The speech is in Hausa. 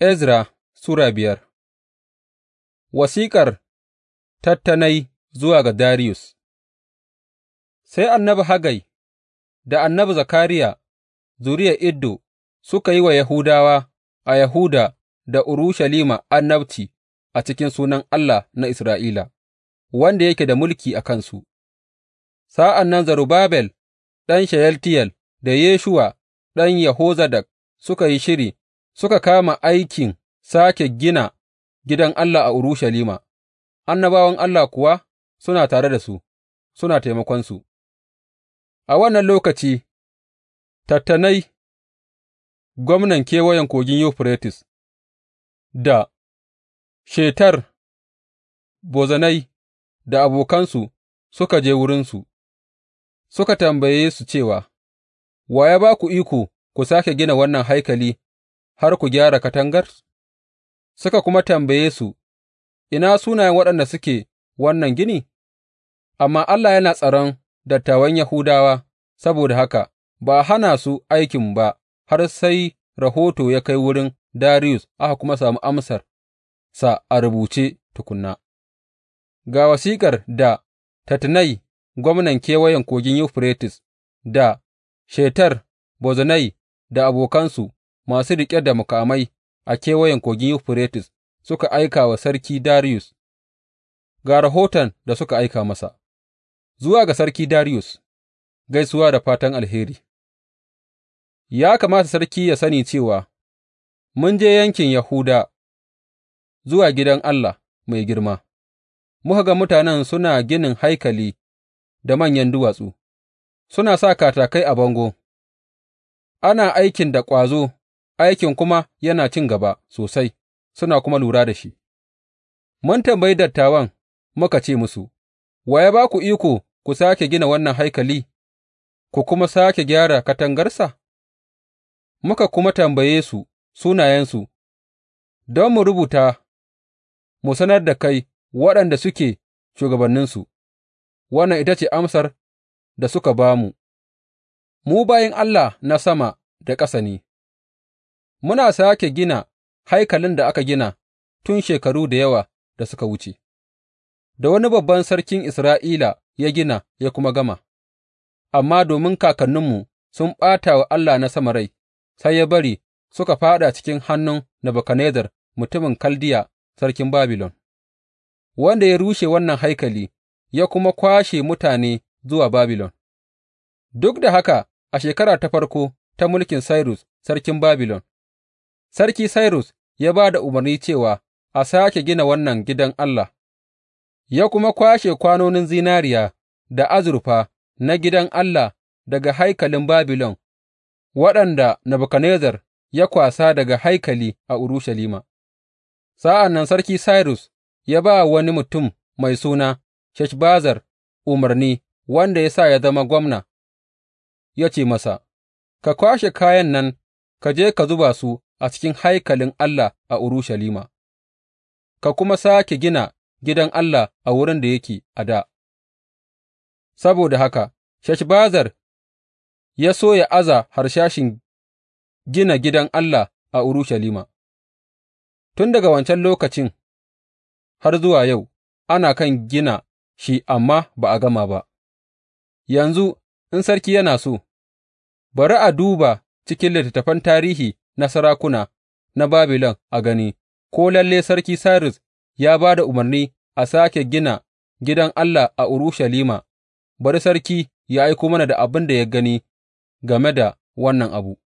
Ezra Sura biyar Wasiƙar tattanai zuwa ga Dariyus Sai annabi Hagai da annabi Zakariya, zuriyar Iddo, suka yi wa Yahudawa a Yahuda da Urushalima annabci a cikin sunan Allah na Isra'ila, wanda yake da mulki a kansu. Sa'an nan zarubabel ɗan Sheyaltiyel da Yeshuwa ɗan Yahozadak suka yi shiri suka kama aikin sake gina gidan Allah a Urushalima, annabawan Allah kuwa suna tare da su, suna taimakonsu. A wannan lokaci, tattanai gwamnan kewayen kogin Yuferites, da Shetar, Bozanai da abokansu suka je wurinsu, suka tambaye su cewa, Wa ya ba ku iko ku sake gina wannan haikali har ku gyara katangar? Suka kuma tambaye su, Ina sunayen waɗanda suke wannan gini? Amma Allah yana tsaron dattawan Yahudawa, saboda haka ba a hana su aikin ba har sai rahoto ya kai wurin Darius aka kuma samu amsar sa a rubuce tukunna. Ga wasiƙar da Tatnai, gwamnan kewayen kogin yufretis da Shetar Bozenai da abokansu masu riƙe da mukamai a kewayen Kogin Yuferites suka aika wa Sarki Dariyus, ga rahoton da suka aika masa, Zuwa ga Sarki Dariyus, gaisuwa da fatan alheri. Ya kamata sarki ya sani cewa mun je yankin Yahuda zuwa gidan Allah mai girma, muka ga mutanen suna ginin haikali da manyan duwatsu, suna sa katakai a bango, ana aikin da ƙwazo aikin kuma yana cin gaba sosai, suna kuma lura da shi. Mun tambayi dattawan muka ce musu, Wa ya ba ku iko ku sāke gina wannan haikali, ku kuma sāke gyara katangarsa? Muka kuma tambaye su sunayensu, don mu rubuta, mu sanar da kai waɗanda suke shugabanninsu, wannan ita ce amsar da suka ba mu, mu bayin Allah na sama da ƙasa ne. muna sāke gina haikalin da aka gina tun shekaru da yawa da suka wuce, da wani babban sarkin Isra'ila ya gina ya kuma gama, amma domin kakanninmu sun ɓata wa Allah na sama rai, sai ya bari suka fāɗa cikin hannun Nebuchadnezzar mutumin Kaldiya sarkin Babilon, wanda ya rushe wannan haikali ya kuma kwashe mutane zuwa Babilon. Duk da haka, a shekara ta farko ta mulkin Sairus sarkin Babilon, Sarki Sairus ya ba da umarni cewa a sāke gina wannan gidan Allah, ya kuma kwashe kwanonin zinariya da azurfa na gidan Allah daga haikalin Babilon, waɗanda Nebuchadnezzar ya kwasa daga haikali a Urushalima. Sa'an nan Sarki Sairus ya ba wani mutum mai suna Sheshbazar umarni, wanda ya sa ya zama gwamna, ya ce masa, Ka kwashe kayan nan ka je ka zuba su a cikin haikalin Allah a Urushalima, ka kuma sāke gina gidan Allah a wurin da yake a dā. Saboda haka, Sheshbazar ya so ya aza harshashin gina gidan Allah a Urushalima. Tun daga wancan lokacin har zuwa yau, ana kan gina shi amma ba a gama ba, yanzu in sarki yana so, bari a duba cikin littattafan tarihi na sarakuna na Babilon a gani, ko lalle Sarki Sairus ya ba da umarni a sake gina gidan Allah a Urushalima, bari sarki ya aiko mana da abin da ya gani game da wannan abu.